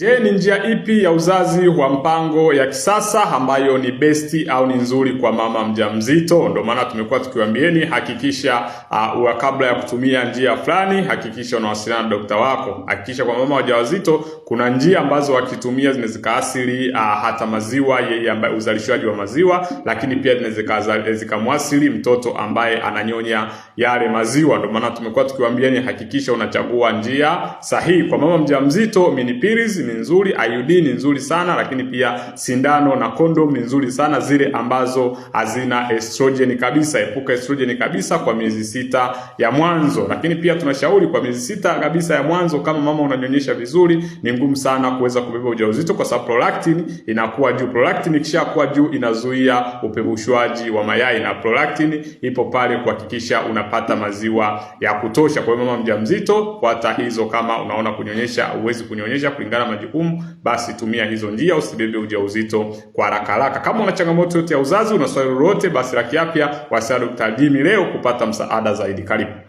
Je, ni njia ipi ya uzazi wa mpango ya kisasa ambayo ni besti au ni nzuri kwa mama mjamzito? Ndio maana tumekuwa tukiwaambieni hakikisha uh, kabla ya kutumia njia fulani hakikisha unawasiliana na daktari wako. Hakikisha kwa mama wajawazito kuna njia ambazo wakitumia zinaweza kaathiri uh, hata maziwa ambaye uzalishaji wa maziwa, lakini pia zinaweza zikamwasili mtoto ambaye ananyonya yale maziwa. Ndio maana tumekuwa tukiwaambieni hakikisha unachagua njia sahihi kwa mama mjamzito, mini pills ni nzuri, IUD ni nzuri sana, lakini pia sindano na kondom ni nzuri sana, zile ambazo hazina estrogen kabisa. Epuka estrogen kabisa kwa miezi sita ya mwanzo, lakini pia tunashauri kwa miezi sita kabisa ya mwanzo, kama mama unanyonyesha vizuri, ni ngumu sana kuweza kubeba ujauzito kwa sababu prolactin inakuwa juu. Prolactin ikishakuwa juu inazuia upevushwaji wa mayai, na prolactin ipo pale kuhakikisha unapata maziwa ya kutosha. Kwa hiyo mama mjamzito, fuata hizo kama unaona kunyonyesha, uwezi kunyonyesha kulingana na majukumu, basi tumia hizo njia, usibebe ujauzito kwa haraka haraka. Kama una changamoto yote ya uzazi, una swali lolote, basi la kiafya, wasiliana na Jimmy leo kupata msaada zaidi. Karibu.